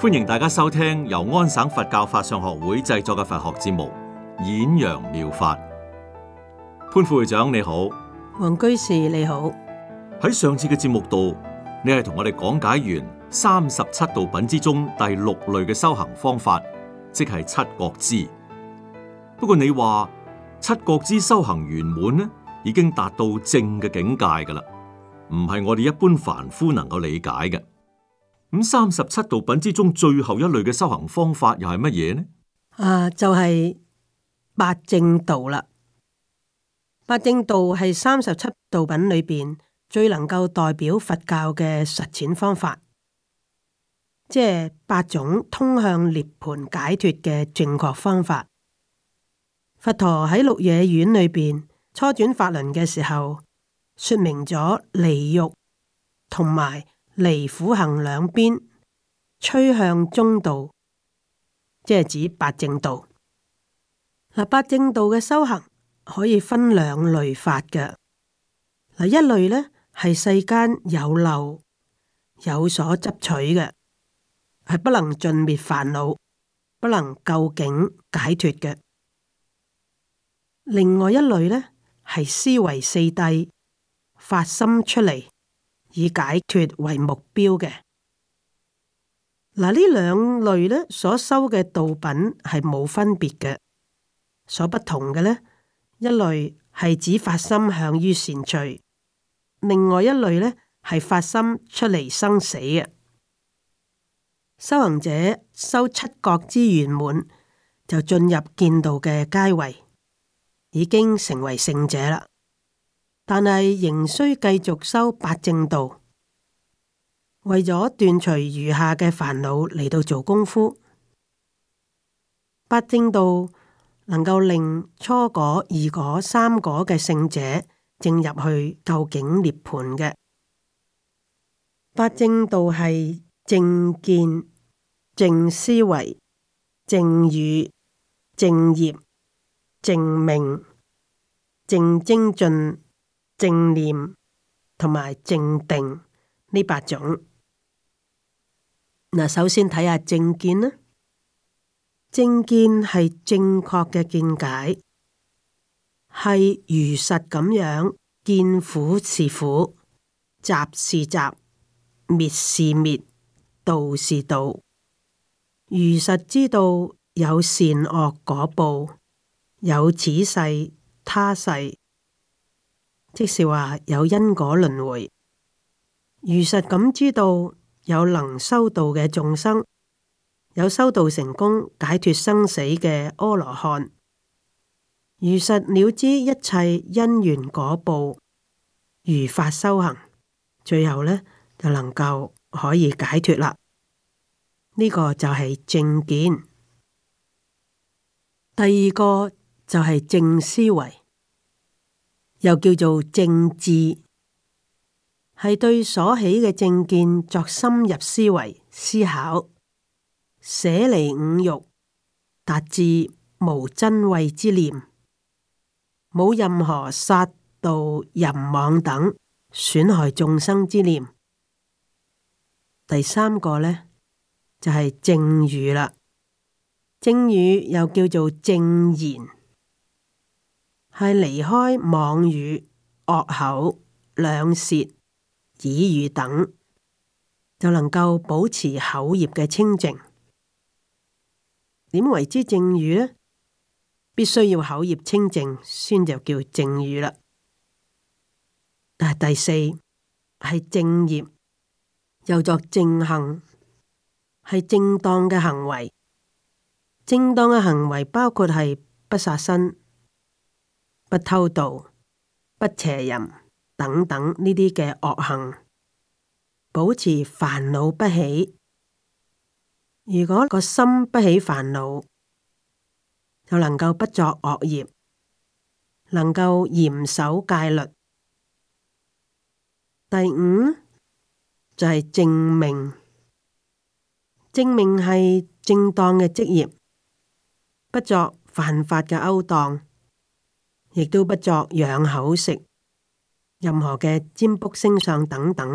歡迎大家收聽由安省佛教法相學會製作嘅佛學節目《演揚妙，妙法》。潘副會長你好，黃居士你好。喺上次嘅節目度，你係同我哋講解完三十七道品之中第六類嘅修行方法，即係七覺支。不過你話七覺支修行圓滿呢，已經達到正嘅境界噶啦，唔係我哋一般凡夫能夠理解嘅。咁、嗯、三十七道品之中最後一類嘅修行方法又係乜嘢呢？啊，就係、是、八正道啦。八正道係三十七道品裏邊最能夠代表佛教嘅實踐方法，即係八種通向涅槃解脫嘅正確方法。佛陀喺鹿野苑裡面》裏邊初轉法輪嘅時候，說明咗離欲同埋。離苦行兩邊，趨向中道，即係指八正道。嗱，八正道嘅修行可以分兩類法嘅。嗱，一類呢，係世間有漏，有所執取嘅，係不能盡滅煩惱，不能究竟解脫嘅。另外一類呢，係思維四諦、發心出嚟，以解脫為目標嘅，嗱，呢兩類呢，所收嘅道品係冇分別嘅，所不同嘅呢，一類係指發心向於善趣，另外一類呢係發心出離生死啊。修行者修七覺之圓滿，就進入見道嘅階位，已經成為聖者啦。但係仍需繼續修八正道，為咗斷除餘下嘅煩惱嚟到做功夫。八正道能夠令初果、二果、三果嘅聖者正入去究竟涅槃嘅。八正道係正見、正思維、正語、正，正業、正命、正精進。正念同埋正定呢八種，嗱，首先睇下正見啦。正見係正確嘅見解，係如實咁樣見苦是苦，集是集，滅是滅，道是道。如實知道有善惡果報，有此世他世，即是話有因果輪迴，如實咁知道有能修道嘅眾生，有修道成功解脫生死嘅阿羅漢，如實了知一切因緣果報，如法修行，最後呢，就能夠可以解脫啦。呢個就係正見，第二個就係正思維。又叫做正志，係對所起嘅正見作深入思維思考，捨離五欲，達至無瞋恚之念，冇任何殺盜、淫妄等損害眾生之念。第三個呢，就係、是、正語啦，正語又叫做正言。係離開妄語、惡口、兩舌、綺語等，就能夠保持口業嘅清淨。點為之正語呢？必須要口業清淨，先就叫正語啦。但係第四係正業，又作正行，係正當嘅行為。正當嘅行為包括係不殺生，不偷盜、不邪淫等等呢啲嘅惡行，保持煩惱不起。如果個心不起煩惱，就能夠不作惡業，能夠嚴守戒律。第五就係正命，正命係正當嘅職業，不作犯法嘅勾當。亦都不作仰口食，任何嘅佔卜、星相等等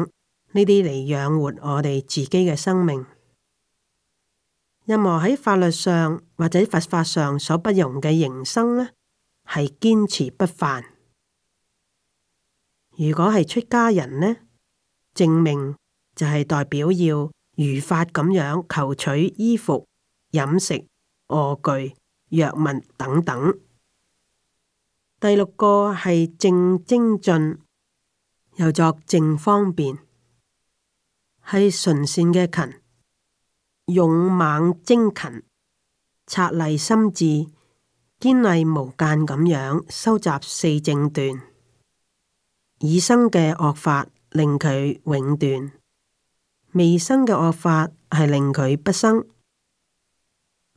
呢啲嚟養活我哋自己嘅生命。任何喺法律上或者佛法上所不容嘅營生呢，係堅持不犯。如果係出家人呢，正命就係代表要如法咁樣求取衣服、飲食、臥具、藥物等等。第六個係正精進，又作正方便，係純善嘅勤，勇猛精勤，策勵心智，堅毅無間咁樣收集四正斷。已生嘅惡法令佢永斷，未生嘅惡法係令佢不生，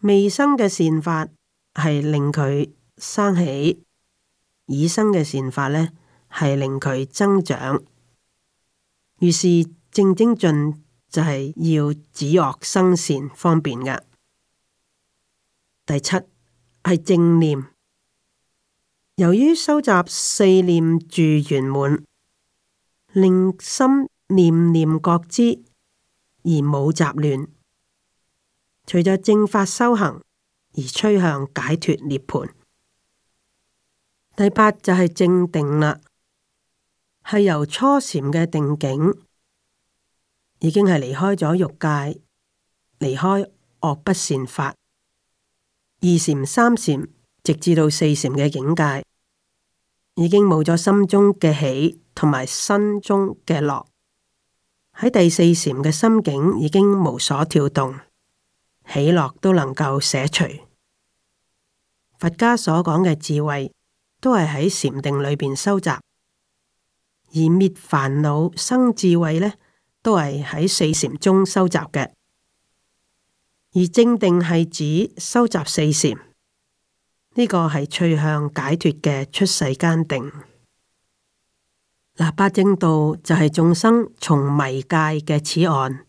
未生嘅善法係令佢生起。以生嘅善法呢，係令佢增長，於是正精進就係要止惡生善方便嘅。第七係正念，由於收集四念住圓滿，令心念念覺知而冇雜亂，隨着正法修行而趨向解脫涅槃。第八就係正定啦，係由初禪嘅定境，已經係離開咗欲界，離開惡不善法，二禪、三禪，直至到四禪嘅境界，已經冇咗心中嘅喜同埋心中嘅樂。喺第四禪嘅心境已經無所跳動，喜樂都能夠捨除。佛家所講嘅智慧，都係喺禪定裏邊收集，而滅煩惱生智慧呢都係喺四禪中收集嘅。而正定係指收集四禪，呢個係趨向解脫嘅出世間定。嗱，八正道就係眾生從迷界嘅此岸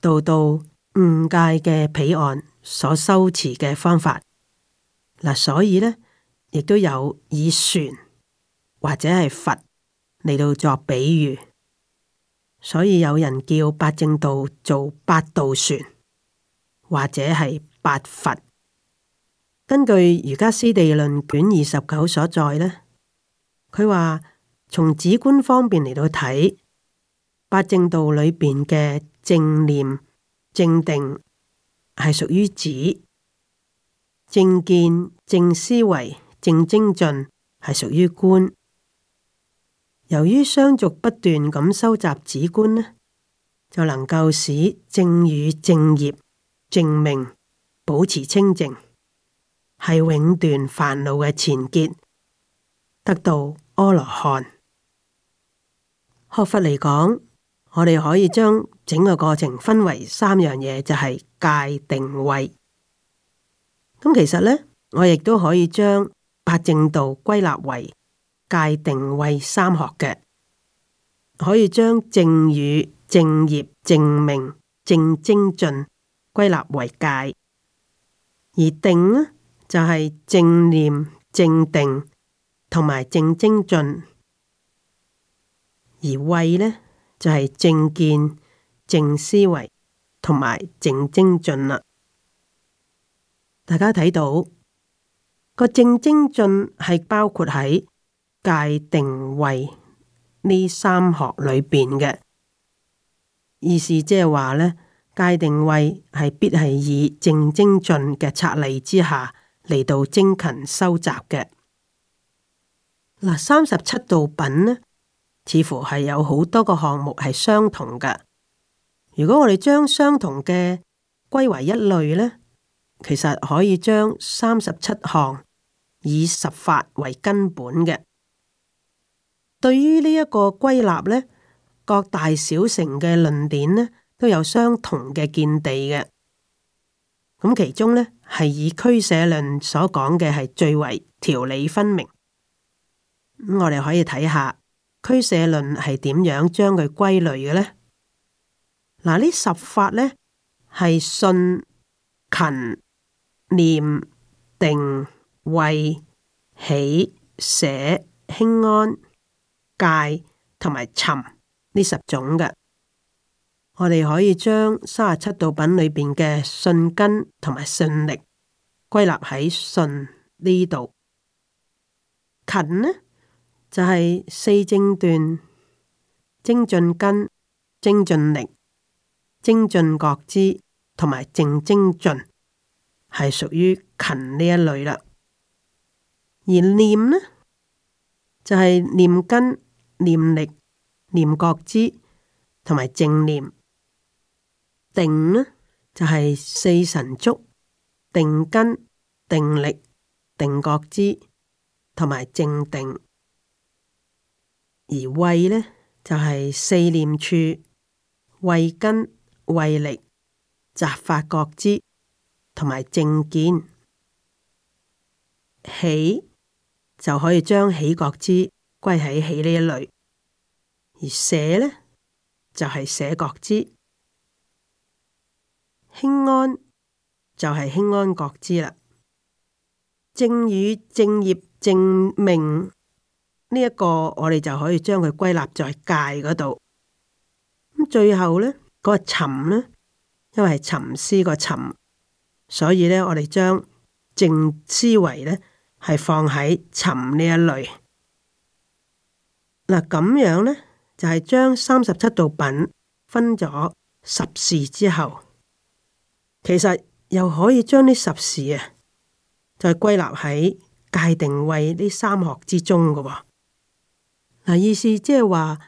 到到悟界嘅彼岸所修持嘅方法。嗱，所以呢。亦都有以船或者係佛嚟,到作比喻，所以有人叫八正道做八道船或者係八佛。根據瑜伽師地論卷二十九所在咧，佢話從止觀方面嚟到睇八正道裏邊嘅正念、正定係屬於止，正見、正思維正精進係屬於觀。由於雙足不斷咁收集止觀，呢就能夠使正語、正業、正命保持清淨，係永斷煩惱嘅前結，得到阿羅漢。學佛嚟講，我哋可以將整個過程分為三樣嘢，就係、是、戒定慧。咁其實呢，我亦都可以將。八正道歸納為戒、定、慧三學嘅，可以將正語、正業、正命、正精進歸納為戒，而定呢就係、是、正念、正定同埋正精進，而慧呢就係、是、正見、正思維同埋正精進啦。大家睇到。個正精進係包括喺戒定慧呢三學裏邊嘅，意思即係話呢，戒定慧係必係以正精進嘅策勵之下嚟到精勤修習嘅。嗱，三十七道品呢，似乎係有好多個項目係相同嘅。如果我哋將相同嘅歸為一類呢？其實可以將三十七項以十法為根本嘅。對於呢一個歸納呢，各大小城嘅論點咧都有相同嘅見地嘅。咁其中呢，係以俱舍論所講嘅係最為條理分明。咁我哋可以睇下俱舍論係點樣將佢歸類嘅呢？嗱，呢十法呢，係信勤。念定慧、喜、捨、輕安、戒同埋沉呢十種嘅，我哋可以將三十七道品裏邊嘅信根同埋信力歸納喺信近呢度。勤呢就係、是、四正斷，精進根、精進力、精進覺知同埋正精進，係屬於勤呢一類啦，而念呢就係、是、念根、念力、念覺支，同埋正念。定呢就係、是、四神足、定根、定力、定覺支，同埋正定。而慧呢就係、是、四念處、慧根、慧力、擇法覺支，同埋正見，喜就可以將喜覺支歸喺喜呢一類，而捨呢就係、是、捨覺支，輕安就係輕安覺支啦。正語正業正命呢一個，我哋就可以將佢歸納在戒嗰度。咁最後呢、嗰個沉呢，因為係沉思個沉。所以咧，我哋將正思維咧係放喺尋呢一類。嗱咁樣咧，就係、是、將三十七道品分咗十事之後，其實又可以將呢十事啊，再歸納喺戒定慧呢三學之中嘅喎。嗱，意思即係話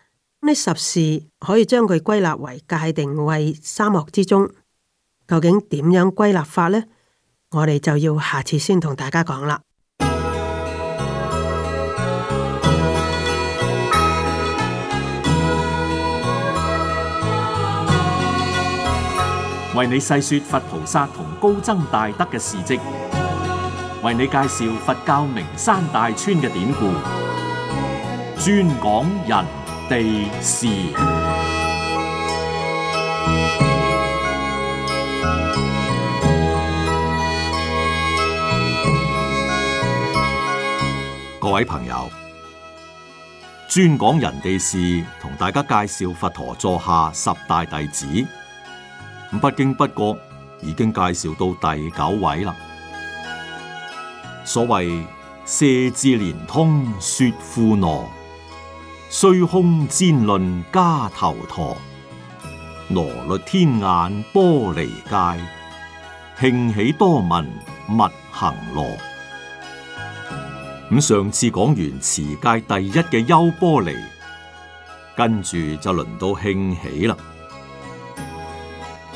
呢十事可以將佢歸納為戒定慧三學之中。究竟點樣歸納法呢？我哋就要下次先同大家講啦。為你細說佛菩薩同高僧大德嘅事跡，為你介紹佛教名山大川嘅典故，專講人地事。各位朋友，專講人哋事，同大家介紹佛陀座下十大弟子。不經不覺，已經介紹到第九位啦。所謂舌智連通說富羅，虛空辯論家頭陀，羅律天眼波離戒，慶喜多聞密行羅。咁上次講完持戒第一嘅優波離，跟住就輪到興起啦。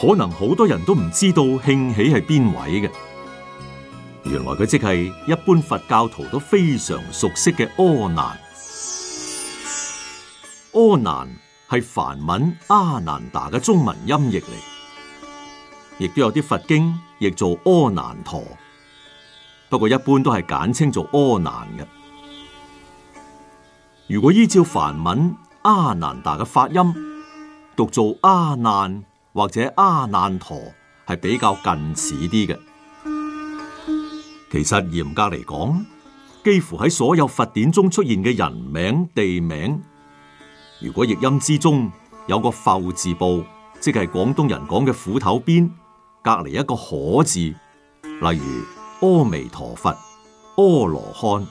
可能好多人都唔知道興起係邊位嘅，原來佢即係一般佛教徒都非常熟悉嘅阿難。阿難係梵文阿難達嘅中文音譯嚟，亦都有啲佛經譯做阿難陀。不過一般都係簡稱做柯難嘅。如果依照梵文阿難達嘅發音，讀做阿難或者阿難陀，係比較近似啲嘅。其實嚴格嚟講，幾乎喺所有佛典中出現嘅人名、地名，如果譯音之中有個阜字部，即係廣東人講嘅斧頭邊，隔籬一個可字，例如。阿彌陀佛、阿羅漢、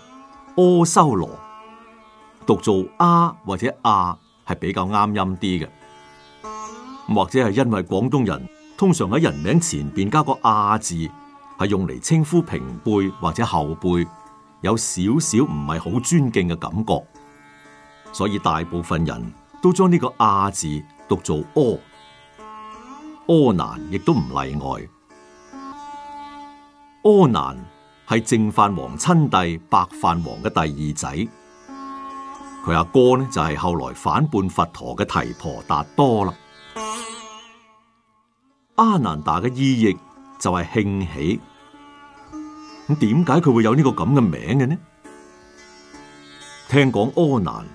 阿修羅，讀做阿或者阿係比較啱音啲嘅，或者係因為廣東人通常喺人名前邊加個阿字，係用嚟稱呼平輩或者後輩，有少少唔係好尊敬嘅感覺，所以大部分人都將呢個阿字讀做阿，阿難亦都唔例外。阿難係淨飯王親弟，白飯王嘅第二仔。佢阿哥呢，就係後來反叛佛陀嘅提婆達多啦。阿難陀嘅意譯就係慶喜。咁點解佢會有呢個咁嘅名嘅呢？聽講阿難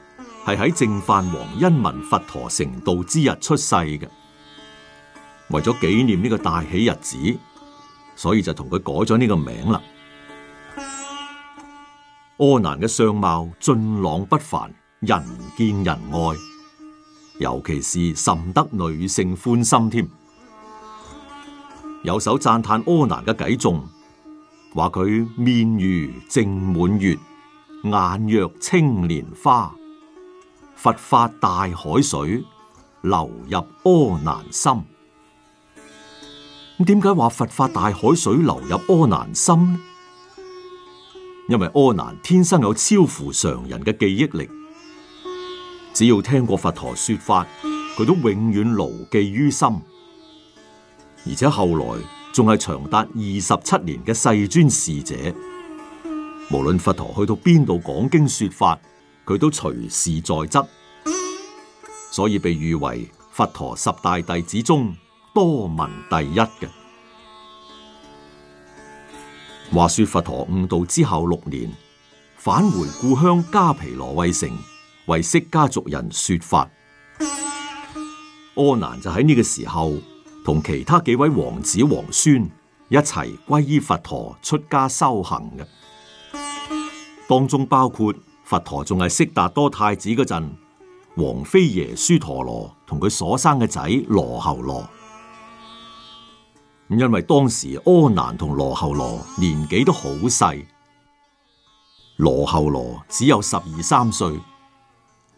係喺淨飯王因聞佛陀成道之日出世嘅，為咗紀念呢個大喜日子。所以就同佢改咗呢個名啦。阿難嘅相貌俊朗不凡，人見人愛，尤其是甚得女性歡心添。有首讚歎阿難嘅偈頌，話佢面如淨滿月，眼若青蓮花，佛法大海水流入阿難心。點解話佛法大海水流入阿難心呢？因為阿難天生有超乎常人嘅記憶力，只要聽過佛陀說法，佢都永遠牢記於心，而且後來仲係長達二十七年嘅世尊侍者。無論佛陀去到邊度講經說法，佢都隨時在側，所以被譽為佛陀十大弟子中，多聞第一嘅。話說佛陀悟道之後六年，返回故鄉迦毗羅衛城為釋迦族人說法。阿難就喺呢個時候同其他幾位王子皇孫一齊皈依佛陀出家修行嘅，當中包括佛陀仲係悉達多太子嗰陣，王妃耶輸陀羅同佢所生嘅仔羅睺羅。因為當時阿難同羅后羅年紀都好細，羅后羅只有十二三歲，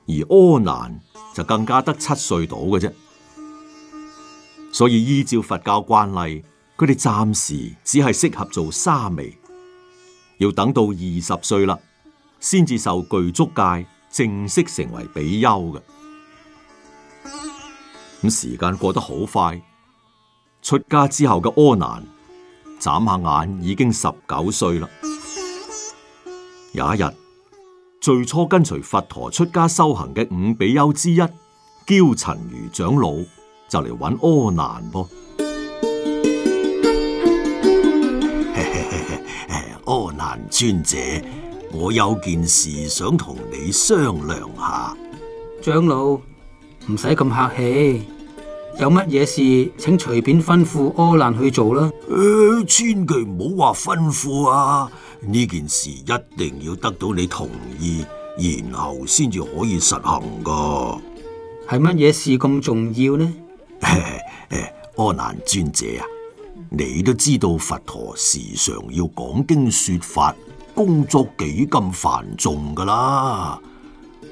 而阿難就更加得七歲到嘅啫。所以依照佛教慣例，佢哋暫時只係適合做沙彌，要等到二十歲啦，先至受具足戒，正式成為比丘嘅。咁時間過得好快。出家之後嘅阿難眨下眼已經十九歲啦。有一日，最初跟隨佛陀出家修行嘅五比丘之一，憍陳如長老就嚟揾阿難。噃。 阿難尊者，我有件事想同你商量下。長老，唔使咁客氣。有乜嘢事，請隨便吩咐阿難去做啦。誒、欸，千祈唔好話吩咐啊！呢件事一定要得到你同意，然後先至可以實行噶。係乜嘢事咁重要呢？ 阿難尊者啊，你都知道佛陀時常要講經說法，工作幾咁繁重噶啦。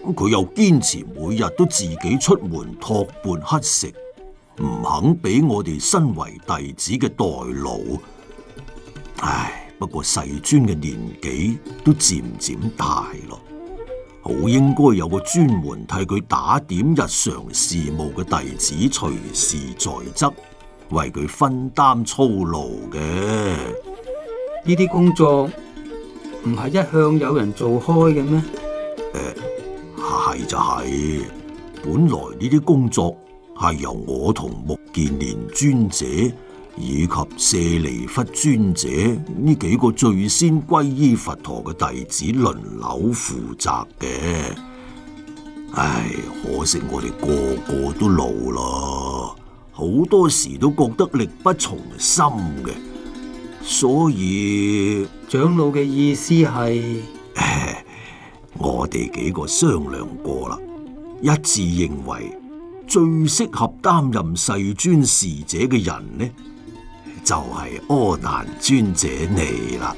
佢又堅持每日都自己出門托缽乞食。唔肯俾我哋身為弟子嘅代勞，唉。不過世尊嘅年紀都漸漸大咯，好應該有個專門替佢打點日常事務嘅弟子，隨時在側，為佢分擔操勞嘅。呢啲工作唔係一向有人做開嘅咩？誒、呃，係就係、是、本來呢啲工作。係由我同目犍連尊者以及舍利弗尊者呢幾個最先皈依佛陀嘅弟子輪流負責嘅。唉，可惜我哋個個都老啦，好多時都覺得力不從心嘅，所以長老嘅意思係，唉， 我哋幾個商量過啦，一致認為。最適合擔任世尊侍者嘅人呢，就係、是、阿難尊者你啦。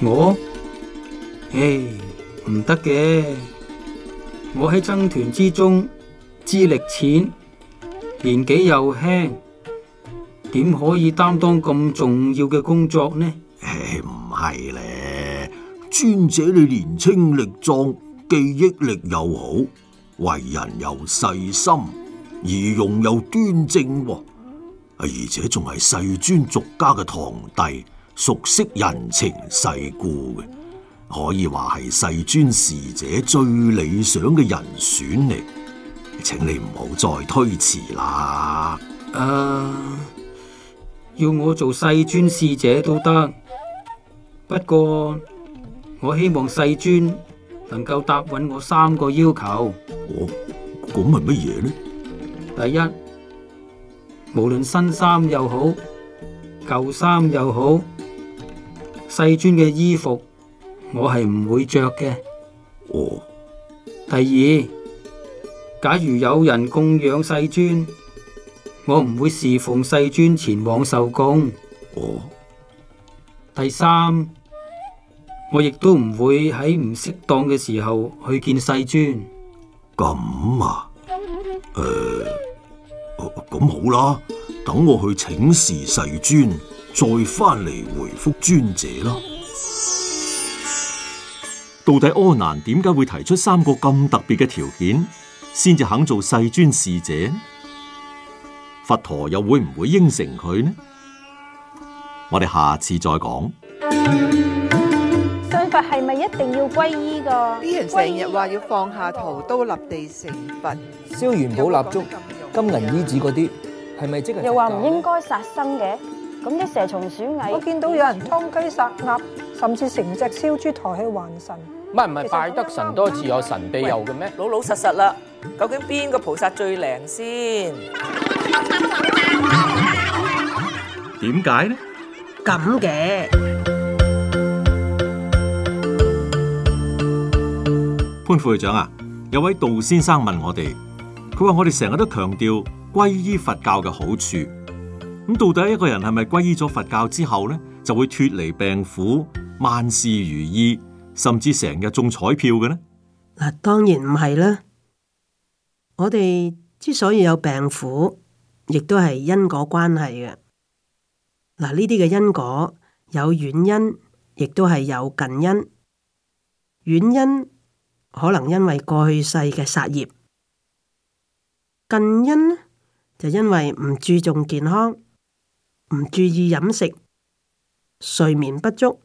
我？唉，唔得嘅，我喺僧團之中資歷淺，年紀又輕，點可以擔當咁重要嘅工作呢？唉，唔係咧，尊者你年輕力壯，記憶力又好，為人又細心。儀容又端正，而且仲係世尊俗家嘅堂弟，熟悉人情世故，可以話係世尊侍者最理想嘅人選嚟，請你唔好再推辭啦。啊，uh, 要我做世尊侍者都得，不過我希望世尊能夠答允我三個要求。哦，咁係乜嘢呢？第一，無論新衫又好，舊衫又好，世尊嘅衣服我係唔會着嘅。哦。第二，假如有人供養世尊，我唔會侍奉世尊前往受供。哦。第三，我亦都唔會喺唔適當嘅時候去見世尊。咁啊。咁好啦，等我去請示世尊，再翻嚟回覆尊者啦。 到底阿難點解會提出三個咁特別嘅條件，先至肯做世尊侍者？佛陀又會唔會應承佢呢？我哋下次再講。信佛係咪一定要皈依噶？啲人成日話要放下屠刀立地成佛，燒 元寶蠟燭。金銀衣紙嗰啲係咪即係？又話唔應該殺生嘅，咁啲蛇蟲鼠蟻，我見到有人劏雞殺鴨，甚至成隻燒豬抬去還神。唔係唔係，拜得神多自有神庇佑嘅咩？老老實實啦，究竟邊個菩薩最靈先？點解呢？咁嘅潘副會長啊，有位杜先生問我哋。佢話我哋成日都強調皈依佛教嘅好處，咁到底一個人係咪皈依咗佛教之後呢，就會脱離病苦、萬事如意，甚至成日中彩票嘅呢？嗱，當然唔係啦。我哋之所以有病苦，亦都係因果關係嘅。嗱，呢啲嘅因果有遠因，亦都係有近因。遠因可能因為過去世嘅殺業。近因就因為唔注重健康，唔注意飲食、睡眠不足、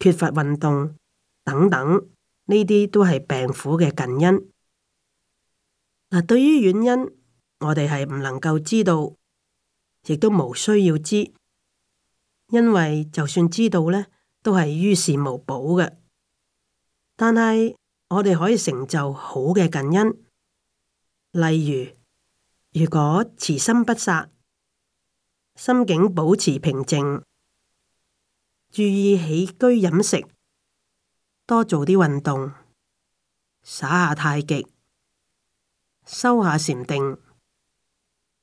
缺乏運動等等，呢啲都係病苦嘅近因。嗱、啊，對於遠因，我哋係唔能夠知道，亦都無需要知，因為就算知道呢，都係於事無補嘅。但係我哋可以成就好嘅近因。例如，如果慈心不殺，心境保持平靜，注意起居飲食，多做啲運動，耍下太極，修下禪定，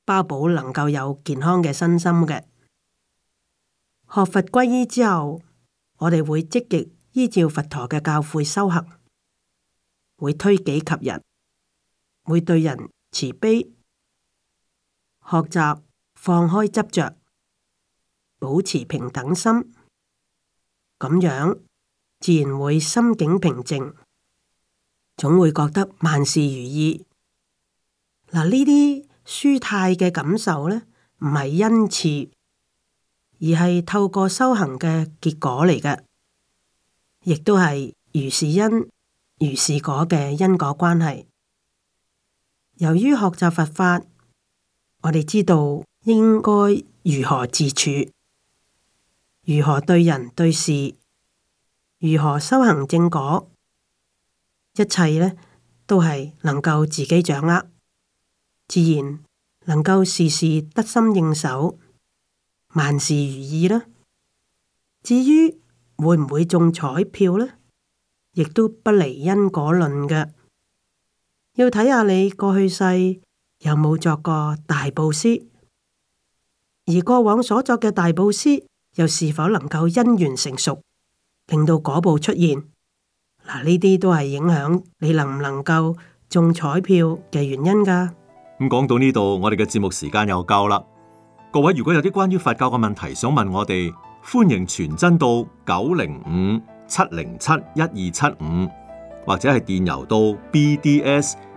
包保能夠有健康嘅身心嘅。學佛皈依之後，我哋會積極依照佛陀嘅教誨修行，會推己及人。會對人慈悲，學習放開執着，保持平等心，咁樣自然會心境平靜，總會覺得萬事如意。嗱，呢啲舒泰嘅感受咧，唔係恩賜，而係透過修行嘅結果嚟嘅，亦都係如是因如是果嘅因果關係。由於學習佛法，我哋知道應該如何自處，如何對人對事，如何修行正果，一切呢都係能夠自己掌握，自然能夠事事得心應手，萬事如意啦。至於會唔會中彩票呢？亦都不離因果論嘅。要睇下你過去世有冇作過大布施，而過往所作嘅大布施又是否能夠因緣成熟，令到嗰部出現？嗱，呢啲都係影響你能唔能夠中彩票嘅原因噶。咁講到呢度，我哋嘅節目時間又夠啦。各位如果有啲關於佛教嘅問題想問我哋，歡迎傳真到九零五七零七一二七五，或者係電郵到 BDS。